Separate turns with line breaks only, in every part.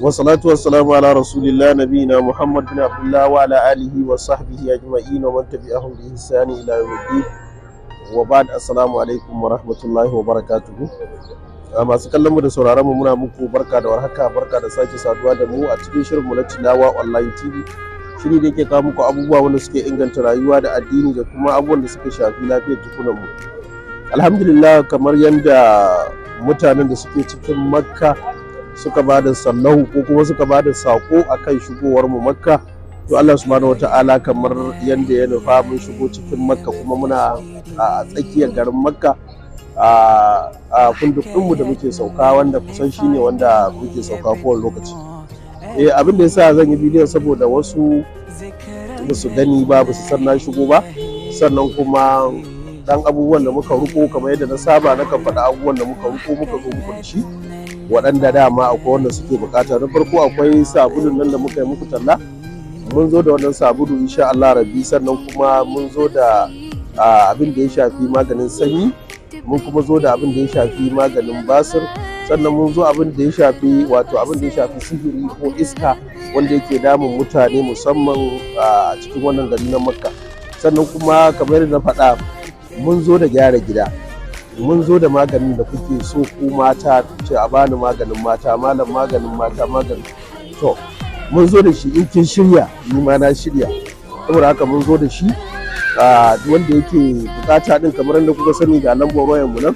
wasalatu wasalamu ala rasulillah nabiyina muhammad bin abdullah wa ala alihi wa sahbihi ajma'in wa man tabi'ahum bi ihsani ila yawmiddin wa da assalamu alaikum wa rahmatullahi wa a ah, masu kallon mu da sauraron mu muna muku barka da warhaka barka da sake saduwa da mu a cikin shirin mu na Tilawa Online TV shiri da yake kawo muku abubuwa wanda suke inganta rayuwa da addini da kuma abubuwan da suka shafi lafiyar jikunan mu alhamdulillah kamar yadda mutanen da suke cikin makka suka ba da sallahu ko kuma suka ba da sako a kan shigowar mu makka to Allah subhanahu wata'ala kamar yadda ya nufa mun shigo cikin makka kuma muna a tsakiyar garin makka a kundukdinmu da muke sauka wanda kusan shi ne wanda muke sauka kowane lokaci eh abin da yasa zan yi bidiyon saboda wasu ba su gani ba ba su san shigo ba sannan kuma dan abubuwan da muka ruko kamar yadda na saba na kan faɗa abubuwan da muka ruko muka zo muku da shi waɗanda dama akwai wanda suke bukata na farko akwai sabulun nan da muka yi muku talla mun zo da wannan sabulu insha Allah rabi sannan kuma mun zo da abin da ya shafi maganin sanyi mun kuma zo da abin da ya shafi maganin basir sannan mun zo abin da ya shafi wato abin da ya shafi sihiri ko iska wanda yake damun mutane musamman a cikin wannan gari na makka sannan kuma kamar yadda na faɗa mun zo da gyara gida mun zo da maganin da kuke so ku mata ce a bani maganin mata malam maganin mata maganin to mun zo da shi in kin shirya ni ma na shirya saboda haka mun zo da shi wanda yake bukata din kamar da kuka sani ga lambar wayan mu nan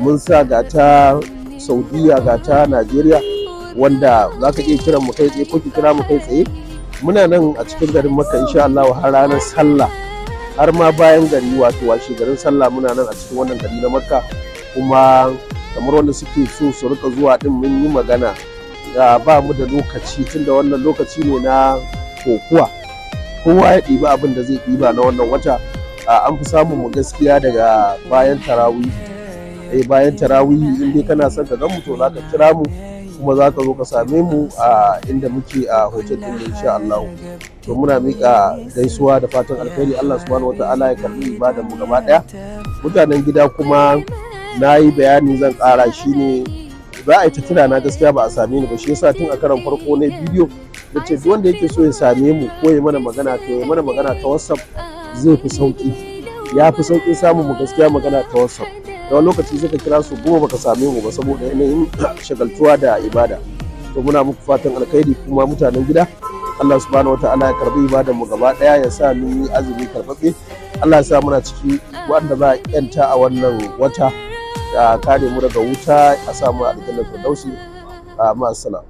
mun sa ga ta saudiya ga ta najeriya wanda za ka iya kiran mu kai tsaye ko ki kira mu kai tsaye muna nan a cikin garin makka insha Allah har ranar sallah har ma bayan gari wato washe garin sallah muna nan a cikin wannan gari na makka kuma kamar wanda suke so su rika zuwa din mun yi magana ga ba mu da lokaci tunda wannan lokaci ne na kokuwa kowa ya ɗiba abin da zai ɗiba na wannan wata an fi samun mu gaskiya daga bayan tarawi eh, bayan tarawi in dai kana son ka gan mu to za ka kira mu kuma za ka zo ka same mu a inda muke a hotel din insha Allah to muna mika gaisuwa da fatan alkhairi Allah subhanahu wataala ya karbi ibadan mu gaba daya mutanen gida kuma na yi bayani zan kara shine za a yi ta na gaskiya ba a same ni ba shi yasa tun a karan farko ne bidiyo da ce wanda yake so ya same mu ko ya mana magana to ya mana magana ta WhatsApp zai fi sauki ya fi sauƙin samun mu gaskiya magana ta WhatsApp da lokaci sai ka kira su goma baka same mu ba saboda yanayin shagaltuwa da ibada to muna muku fatan alkhairi kuma mutanen gida Allah subhanahu wataala ya karbi ibadan mu gaba daya ya sa mu yi azumi karbabe Allah ya sa muna ciki wanda za a yanta a wannan wata da kare mu daga wuta a sa mu a aljannar firdausi ma